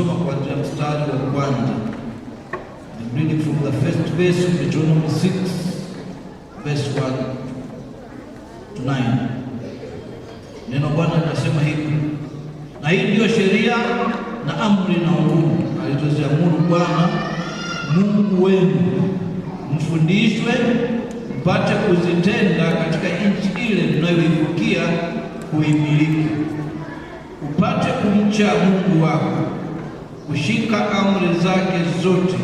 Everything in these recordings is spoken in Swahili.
Tunasoma kuanzia mstari wa kwanza. I'm reading from the first verse of Deuteronomy 6 verse 1 to 9. Neno Bwana linasema hivi, na hii ndiyo sheria na amri na hukumu alizoziamuru Bwana Mungu wenu, mfundishwe mpate kuzitenda katika nchi ile mnayoivukia kuimiliki, upate kumcha Mungu wako kushika amri zake zote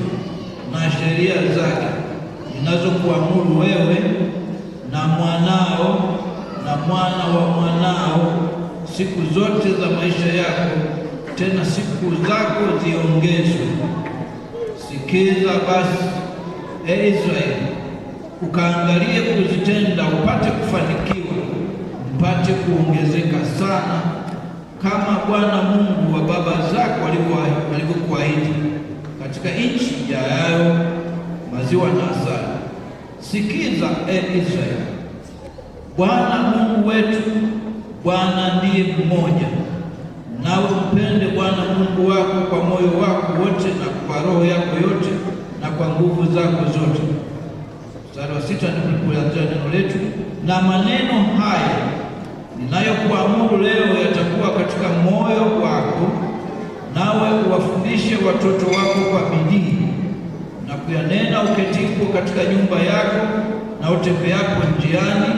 na sheria zake ninazokuamuru wewe na mwanao na mwana wa mwanao siku zote za maisha yako, tena siku zako ziongezwe. Sikiza basi, e Israeli, ukaangalie kuzitenda, upate kufanikiwa, mpate kuongezeka sana kama Bwana Mungu wa baba zako alivyokuahidi katika nchi ijayayo maziwa na asali. Sikiza e Israeli, Bwana Mungu wetu Bwana ndiye mmoja, nawe mpende Bwana Mungu wako kwa moyo wako wote na kwa roho yako yote na kwa nguvu zako zote. Mstari wa sita ndio neno letu, na maneno haya ninayokuamuru leo yatakuwa katika moyo wako, nawe uwafundishe watoto wako kwa bidii na kuyanena uketipo katika nyumba yako na yako njiani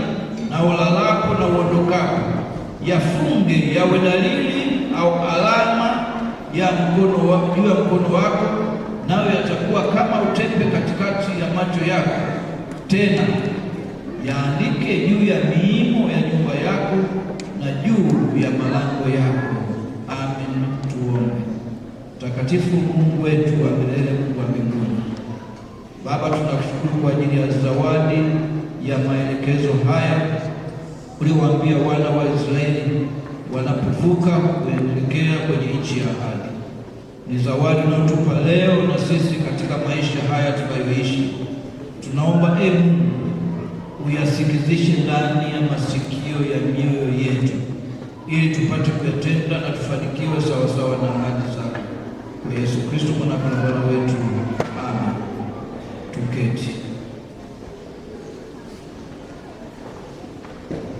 na ulalako na uondokako yafunge yawe dalili au alama ya mkono wa juu ya mkono wako, nawe yatakuwa kama utepe katikati ya macho yako. Tena yaandike juu ya miimo ya nyumba yako na juu ya malango yako. Amen. Tuombe. Mtakatifu Mungu wetu wa milele, Mungu wa mbinguni, Baba, tunakushukuru kwa ajili ya zawadi ya maelekezo haya uliowaambia wana wa Israeli wanapovuka kuelekea kwenye nchi ya ahadi. Ni zawadi unayotupa leo na sisi katika maisha haya tunayoishi, tunaomba e Mungu uyasikizishe ndani ya masikio ya mioyo yetu, ili tupate kuyatenda na tufanikiwe sawasawa na ahadi zako. Kwa Yesu Kristo mwana Bwana wetu, amen. Tuketi.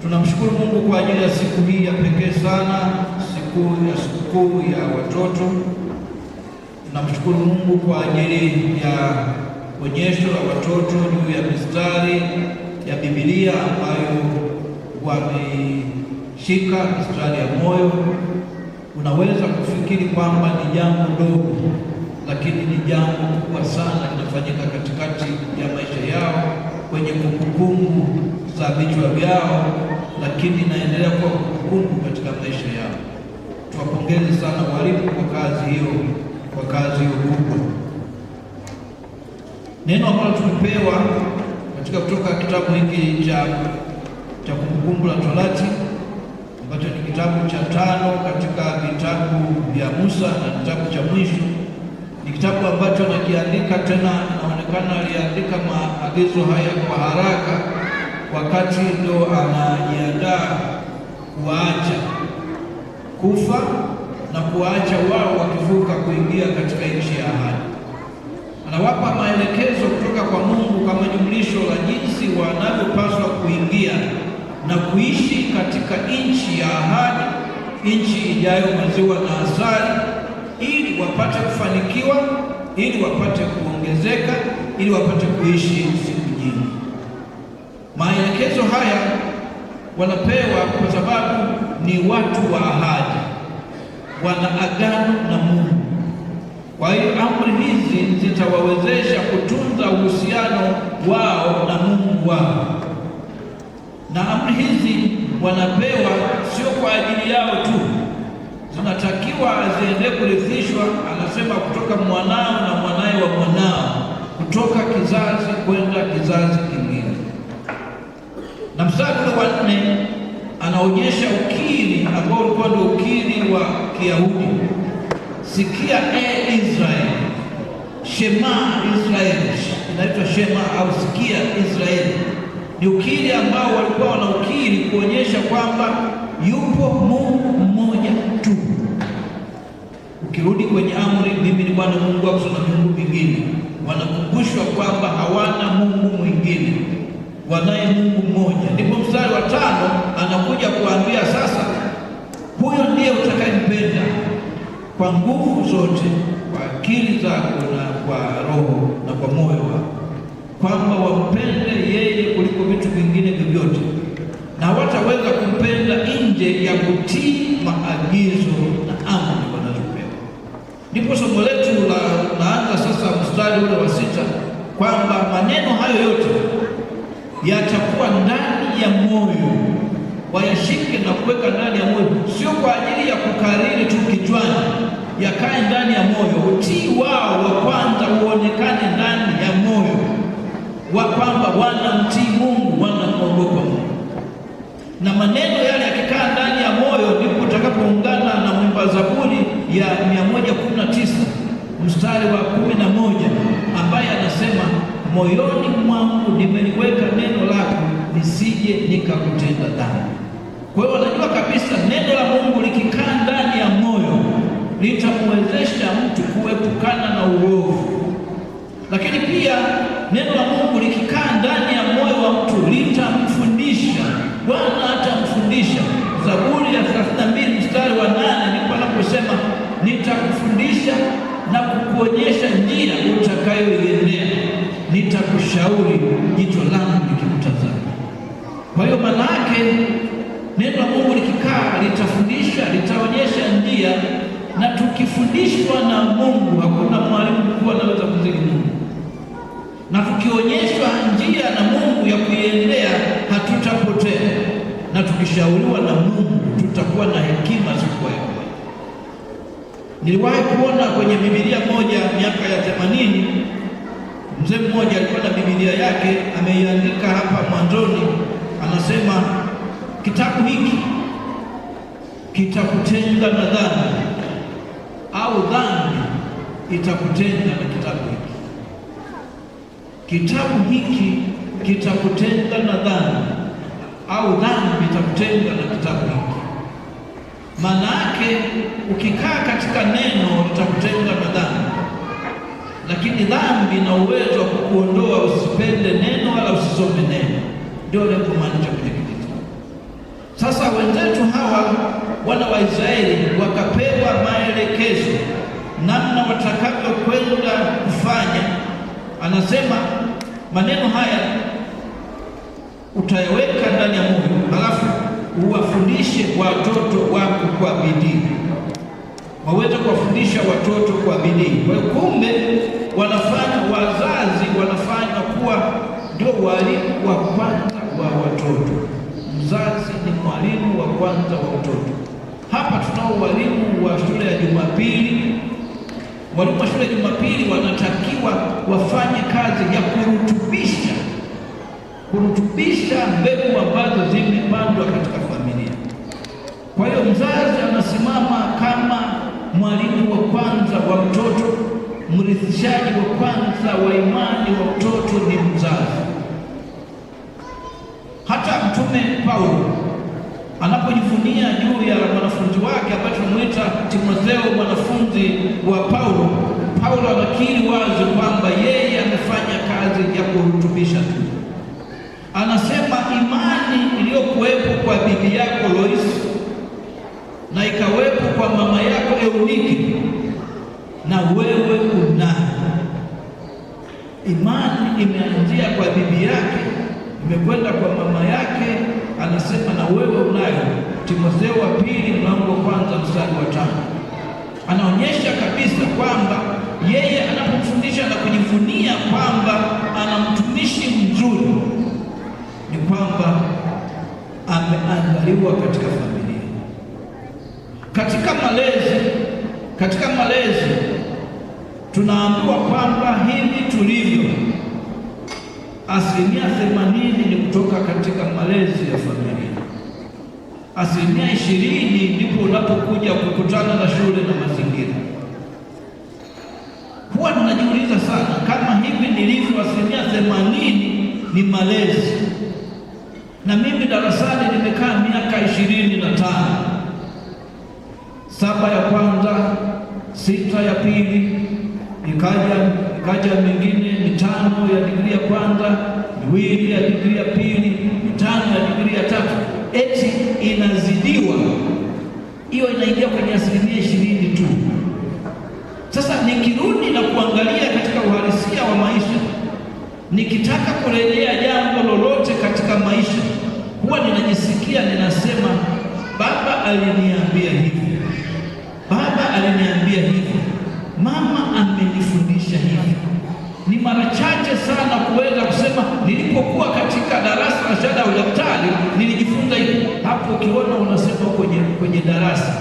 Tunamshukuru Mungu kwa ajili ya siku hii ya pekee sana, siku ya sikukuu ya watoto. Tunamshukuru Mungu kwa ajili ya onyesho la watoto juu ya mistari ya Biblia ambayo wameshika mistari ya moyo, unaweza kufikiri kwamba ni jambo dogo, lakini ni jambo kubwa sana linafanyika katikati ya maisha yao, kwenye kumbukumbu za vichwa vyao, lakini inaendelea kuwa kumbukumbu katika maisha yao. Tuwapongeze sana walimu kwa kazi hiyo, kwa kazi hiyo kubwa. Neno ambalo tumepewa katika kutoka kitabu hiki cha cha Kumbukumbu la Torati ambacho ni kitabu cha tano katika vitabu vya Musa na kitabu cha mwisho. Ni kitabu ambacho nakiandika tena, inaonekana aliandika maagizo haya kwa haraka, wakati ndo anajiandaa kuwaacha kufa na kuwaacha wao wakivuka kuingia katika nchi ya ahadi anawapa maelekezo kutoka kwa Mungu kama jumlisho la jinsi wanavyopaswa kuingia na kuishi katika nchi ya ahadi, nchi ijayo maziwa na asali, ili wapate kufanikiwa, ili wapate kuongezeka, ili wapate kuishi siku nyingi. Maelekezo haya wanapewa kwa sababu ni watu wa ahadi, wana agano na Mungu. Kwa hiyo amri hizi zitawawezesha kutunza uhusiano wao na Mungu wao, na amri hizi wanapewa sio kwa ajili yao tu, zinatakiwa ziende kurithishwa. Anasema kutoka mwanao na mwanaye wa mwanao, kutoka kizazi kwenda kizazi kingine. Na mstari wa nne anaonyesha ukiri ambao ulikuwa ndio ukiri wa Kiyahudi sikia e Israeli, Shema Israeli inaitwa Shema au sikia Israeli, ni ukiri ambao walikuwa wanaukiri kuonyesha kwamba yupo Mungu mmoja tu. Ukirudi kwenye amri, mimi ni Bwana Mungu wako, sina Mungu mwingine, wanakumbushwa kwamba hawana Mungu mwingine, wanaye Mungu mmoja. Ndipo mstari wa tano anakuja kuambia sasa, huyo ndiye utakayempenda kwa nguvu zote, kwa akili zako na kwa roho na kwa moyo wako, kwamba wampende yeye kuliko vitu vingine vyovyote, na wataweza kumpenda nje ya kutii maagizo na amri wanazopewa. Ndipo somo letu la naanza sasa mstari ule wa sita kwamba maneno hayo yote yatakuwa ndani ya moyo, wayashike na kuweka ndani ya moyo sio ya moyo, utii wao wa kwanza uonekane ndani ya moyo wa kwamba wanamtii Mungu, wanamwogopa Mungu, na maneno yale yakikaa ndani ya moyo, ndipo utakapoungana na mwimba Zaburi ya 119 mstari wa 11 ambaye anasema moyoni mwangu nimeliweka neno lako nisije nikakutenda dhambi. Kwa hiyo unajua kabisa neno la Mungu likikaa ndani ya moyo litamwezesha mtu kuepukana na uovu. Lakini pia neno la Mungu likikaa ndani ya moyo wa mtu litamfundisha, Bwana atamfundisha. Zaburi ya 32 mstari wa nane ndipo anaposema nitakufundisha na kukuonyesha njia utakayoiendea, nitakushauri, jicho langu likikutazama. Kwa hiyo maana yake neno la Mungu likikaa litafundisha, litaonyesha njia na tukifundishwa na Mungu, hakuna mwalimu mkuu anaweza kuzidi Mungu, na tukionyeshwa njia na Mungu ya kuiendea hatutapotea, na tukishauriwa na Mungu tutakuwa na hekima za kweli. Niliwahi kuona kwenye Biblia moja miaka ya themanini, mzee mmoja alikuwa na Biblia yake ameiandika hapa mwanzoni, anasema kitabu hiki kitakutenga na dhambi au dhambi itakutenda na kitabu hiki. Kitabu hiki kitakutenda na dhambi au dhambi itakutenda na kitabu hiki. Maana yake ukikaa katika neno litakutenga na dhambi, lakini dhambi ina uwezo wa kukuondoa usipende neno wala usisome neno. Ndio lengo maanisha kwenye kitabu. Sasa wenzetu hawa wana wa Israeli namna watakavyokwenda kufanya. Anasema maneno haya utayaweka ndani ya moyo, halafu uwafundishe watoto wako kwa bidii, waweze kuwafundisha watoto kwa bidii. Kwa kumbe wanafanya wazazi wanafanya kuwa ndio walimu wa kwanza wa watoto. Mzazi ni mwalimu wa kwanza wa mtoto. Hapa tunao walimu wa shule ya Jumapili Walimu wa shule Jumapili wanatakiwa wafanye kazi ya kurutubisha kurutubisha mbegu ambazo zimepandwa katika familia. Kwa hiyo mzazi anasimama kama mwalimu wa kwanza wa mtoto, mrithishaji wa kwanza wa imani wa mtoto ni mzazi. Hata Mtume Paulo anapojivunia juu ya mwanafunzi wake ambaye tunamwita Timotheo, mwanafunzi wa Paulo. Paulo anakiri wazi kwamba yeye amefanya kazi ya kurutubisha tu. Anasema imani iliyokuwepo kwa bibi yako Lois na ikawepo kwa mama yako Eunike na wewe unayo. Imani imeanzia kwa bibi yake, imekwenda kwa mama yake, anasema na wewe unayo. Timotheo wa pili mlango wa kwanza mstari wa tano anaonyesha kabisa kwamba yeye anapofundisha na kujivunia kwamba ana mtumishi mzuri ni kwamba ameandaliwa katika familia, katika malezi. Katika malezi tunaambiwa kwamba hivi tulivyo, asilimia themanini ni kutoka katika malezi ya familia asilimia ishirini ndipo unapokuja kukutana na shule na mazingira. Huwa ninajiuliza sana kama hivi nilivyo, asilimia themanini ni malezi, na mimi darasani nimekaa miaka ishirini na tano saba ya kwanza, sita ya pili, ikaja ikaja mingine mitano ya digrii ya kwanza, miwili ya digrii ya pili, mitano ya digrii ya tatu eti inazidiwa, hiyo inaingia kwenye asilimia ishirini tu. Sasa nikirudi na kuangalia katika uhalisia wa maisha, nikitaka kurejea jambo lolote katika maisha, huwa ninajisikia ninasema, baba aliniambia hivi, baba aliniambia hivi, mama amenifundisha hivi. Ni mara chache sana kuweza kusema nilipokuwa katika darasa la shahada ya udaktari nilijifunza hivi ambapo ukiona unasema kwenye, kwenye darasa,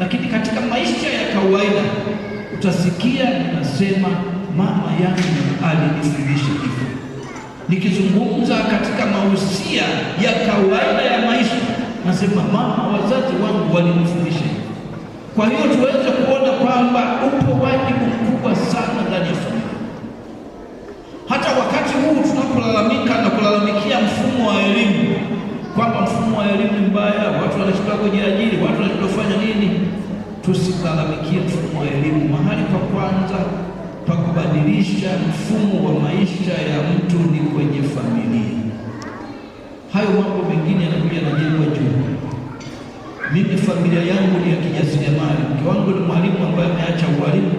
lakini katika maisha ya kawaida utasikia unasema mama yangu alinifundisha kifo. Nikizungumza katika mahusia ya kawaida ya maisha, nasema mama, wazazi wangu walinifirisha. Kwa hiyo tuweze kuona kwamba upo wajibu mkubwa sana kujiajiri, watu wanatufanya nini? Tusilalamikie mfumo wa elimu, mahali pa kwanza pa kubadilisha mfumo wa maisha ya mtu ni kwenye familia. Hayo mambo mengine yanakuja yanajengwa juu. Mimi familia yangu ni ya kijasiriamali, mke wangu ni mwalimu ambaye ameacha ualimu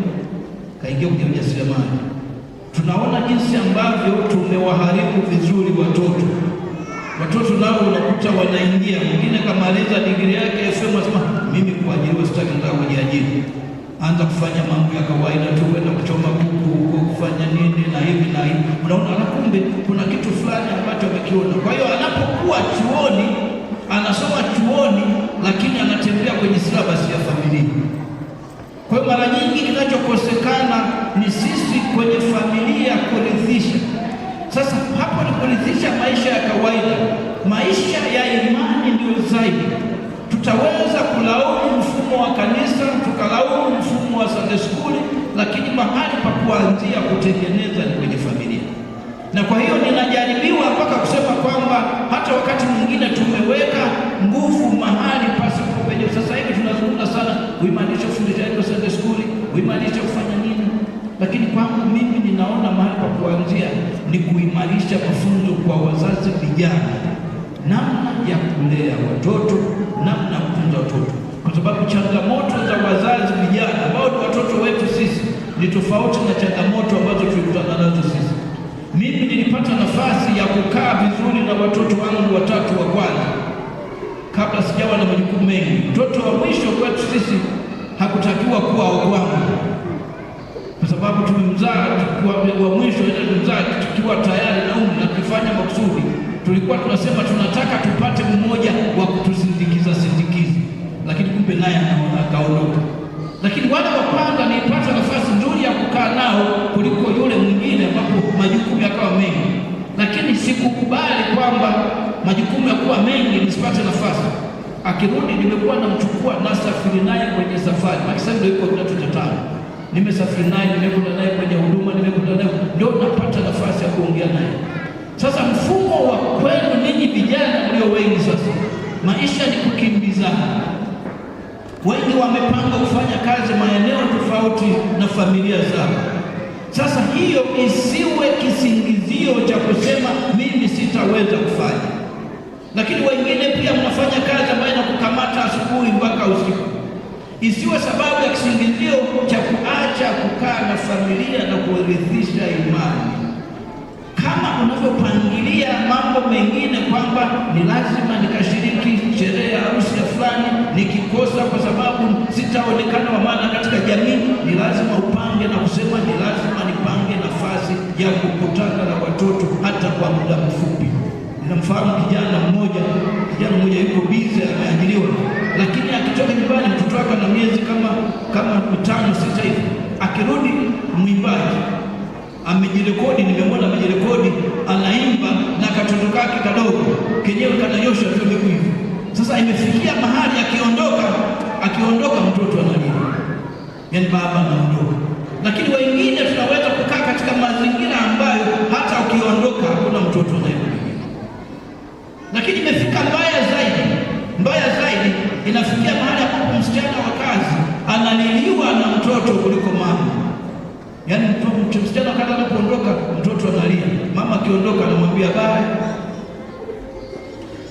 kaingia kwenye ujasiriamali. Tunaona jinsi ambavyo tumewaharibu vizuri watoto watoto nao unakuta wanaingia, mwingine kamaliza digiri yake asema sema mimi kuajiriwa sitaki, nataka kujiajiri. Anza kufanya mambo ya kawaida tu, kwenda kuchoma kuku huko, kufanya nini na hivi na hivi, unaona anakumbe kuna kitu fulani ambacho amekiona. Kwa hiyo anapokuwa chuoni, anasoma chuoni, lakini anatembea kwenye silabasi ya familia. Kwa hiyo mara nyingi kinachokosekana ni sisi kwenye familia kurithisha sasa hapo ni kuridhisha maisha ya kawaida, maisha ya imani ndiyo zaidi. Tutaweza kulaumu mfumo wa kanisa, tukalaumu mfumo wa Sunday school, lakini mahali pa kuanzia kutengeneza ni kwenye familia, na kwa hiyo ninajaribiwa mpaka kuimarisha mafunzo kwa wazazi vijana, namna ya kulea watoto, namna ya kutunza watoto, kwa sababu changamoto za wazazi vijana ambao ni watoto wetu sisi ni tofauti na changamoto ambazo tulikutana nazo sisi. Mimi nilipata nafasi ya kukaa vizuri na watoto wangu watatu wa kwanza kabla sijawa na majukumu mengi. Mtoto wa mwisho kwetu sisi hakutakiwa kuwa wa kwangu sababu tumemzaa wa mwisho mzaa tukiwa tayari na umri na kufanya makusudi. Tulikuwa tunasema tunataka tupate mmoja wa kutusindikiza sindikizi, lakini kumbe naye akaondoka. Lakini wale wa kwanza nipata nafasi nzuri ya kukaa nao kuliko yule mwingine, ambapo majukumu yakawa mengi, lakini sikukubali kwamba majukumu yakuwa mengi nisipate nafasi. Akirudi nimekuwa namchukua nasafiri naye kwenye safari, akisema ndio iko kidato cha tano nimesafiri naye, nimekuta naye kwenye huduma, nimekuta naye ndio napata nafasi ya kuongea naye. Sasa mfumo wa kwenu ninyi vijana mlio wengi sasa, maisha ni kukimbizana. Wengi wamepanga kufanya kazi maeneo tofauti na familia zao. Sasa hiyo isiwe kisingizio cha kusema mimi sitaweza kufanya, lakini wengine pia mnafanya kazi ambayo inakukamata asubuhi mpaka usiku isiwe sababu ya kisingizio cha kuacha kukaa na familia na kuridhisha imani. Kama unavyopangilia mambo mengine kwamba ni lazima nikashiriki sherehe ya harusi ya fulani, nikikosa kwa sababu sitaonekana wa maana katika jamii, ni lazima upange na kusema ni lazima nipange nafasi ya kukutana na watoto hata kwa muda mfupi. Ninamfahamu kijana mmoja, kijana mmoja yuko bizi kutoka na miezi kama kama mitano sita hivi, akirudi mwimbaji amejirekodi, nimemwona amejirekodi, anaimba na katoto kake kadogo kenyewe kanayosha tu miguu hivi. Sasa imefikia mahali akiondoka, akiondoka mtoto analia, yani baba anaondoka. Lakini wengine tunaweza kukaa katika mazingira ambayo hata ukiondoka hakuna mtoto anayemlia, lakini imefika Yaani mtu msichana kata anapoondoka mtoto analia, mama akiondoka anamwambia bye.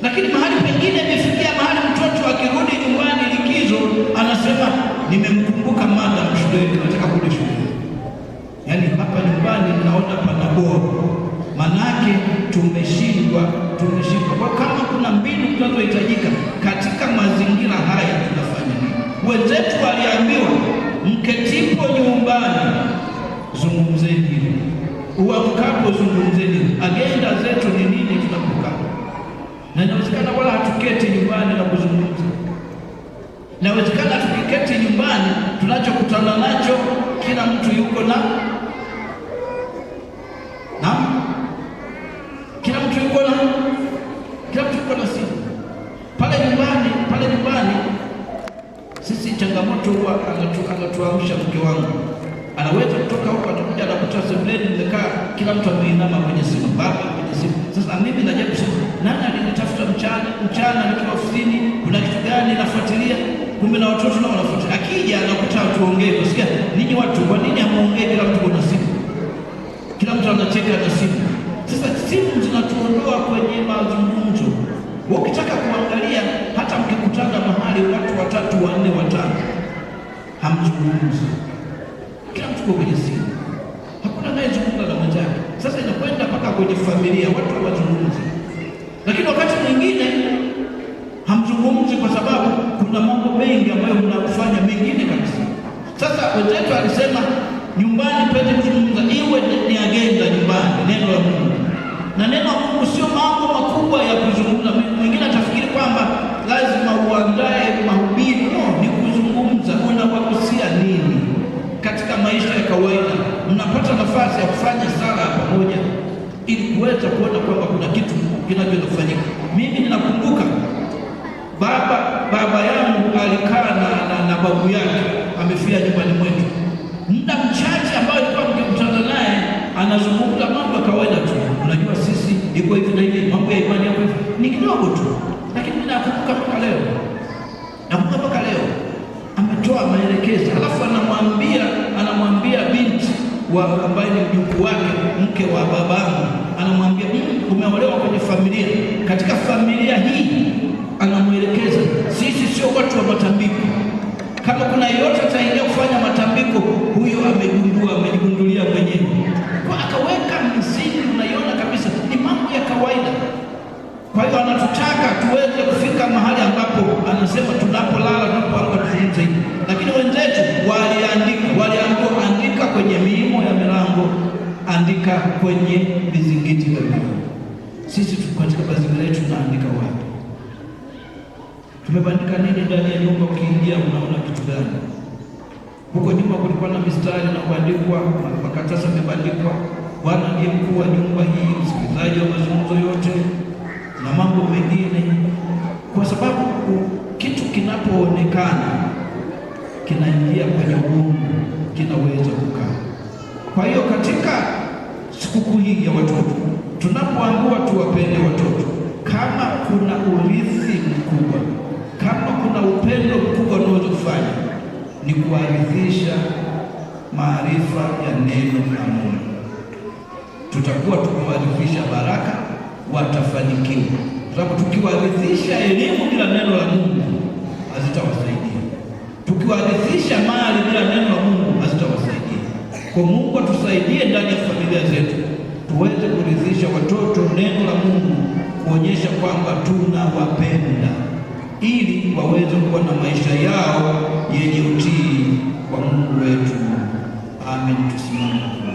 Lakini mahali pengine imefikia mahali mtoto akirudi nyumbani likizo anasema nimemkumbuka madam shuleni, nataka kurudi shule. Yaani hapa nyumbani naona pana bora, manake tumeshindwa, tumeshindwa. Kwa kama kuna mbinu tunazohitajika katika mazingira haya tunafanya nini? Wenzetu waliambiwa mketipo nyumbani zungumzeni hili, uamkapo zungumzeni. Agenda zetu ni nini tunapoka, na inawezekana wala hatuketi nyumbani na kuzungumza, inawezekana tukiketi nyumbani tunachokutana nacho kila mtu yuko na na kila mtu yuko na kila mtu yuko na simu pale nyumbani, pale nyumbani sisi changamoto huwa anatuamsha. Mke wangu anaweza kutoka huko kutoa sebuleni mmekaa, kila mtu ameinama kwenye simu, baba kwenye simu. Sasa mimi najabu sasa, nani alinitafuta mchana mchana nikiwa ofisini? Kuna kitu gani nafuatilia? Kumbe na watoto nao wanafuatilia. Akija anakuta watu ongee, kusikia ninyi watu, kwa nini hamuongee? Kila mtu kuna simu, kila mtu anacheka na simu. Sasa simu zinatuondoa kwenye mazungumzo. Ukitaka kuangalia, hata mkikutana mahali watu watatu wanne watano, hamzungumzi, kila mtu kwenye simu. kuwaambia watu wazungumze, lakini wakati mwingine hamzungumzi kwa sababu kuna mambo mengi ambayo mnakufanya mengine kabisa. Sasa wenzetu alisema nyumbani pete kuzungumza iwe ni agenda nyumbani, neno la Mungu na neno la Mungu sio mambo makubwa ya kuzungumza. Mwingine atafikiri kwamba lazima uandae mahubiri. No, ni kuzungumza, unawagusia nini katika maisha ya kawaida. Mnapata nafasi ya kufanya sala pamoja ili kuweza kuona kwamba kuna kitu kinachoenda kufanyika. Mimi ninakumbuka baba baba yangu alikaa na, na, na babu yake amefia nyumbani mwetu, muda mchache ambayo alikuwa mkimtana naye, anazungumza mambo ya kawaida tu, unajua sisi iko hivi na hivi, mambo ya imani yako hivi, ni kidogo tu, lakini nakumbuka mpaka leo, nakumbuka mpaka leo ametoa maelekezo, alafu anamwambia anamwambia binti wa ambaye ni mjukuu wake mke wa babangu anamwambia umeolewa kwenye familia, katika familia hii anamwelekeza, sisi sio watu wa matambiko. Kama kuna yeyote ataingia kufanya matambiko, huyo amegundua, amejigundulia mwenyewe, kwa akaweka msingi. Unaiona kabisa ni mambo ya kawaida. Kwa hiyo anatutaka tuweze kufika mahali ambapo anasema tunapolala, tunapoamka tuzungumze hivi, lakini wenzetu wali andika kwenye vizingiti vya Biblia. Sisi tuko katika mazingira yetu, tunaandika wapi? Tumebandika nini ndani ya nyumba? Ukiingia unaona kitu gani? Huko nyuma kulikuwa na mistari inabandikwa, makaratasi yamebandikwa. Bwana ndiye mkuu wa nyumba hii, msikilizaji wa mazungumzo yote na mambo mengine, kwa sababu kitu kinapoonekana kinaingia kwenye Mungu, kinaweza kukaa. Kwa hiyo katika sikukuu hii ya watoto. Tunapoamua tuwapende watoto, kama kuna urithi mkubwa, kama kuna upendo mkubwa unaozofanya ni kuwarithisha maarifa ya neno la Mungu, tutakuwa tumewarithisha baraka, watafanikiwa, kwa sababu tukiwarithisha elimu bila neno la Mungu hazitawasaidia, tukiwarithisha mali bila neno kwa Mungu atusaidie ndani ya familia zetu tuweze kuridhisha watoto neno la Mungu, kuonyesha kwamba tunawapenda ili waweze kuwa na maisha yao yenye utii kwa Mungu wetu. Amen. Tusimame.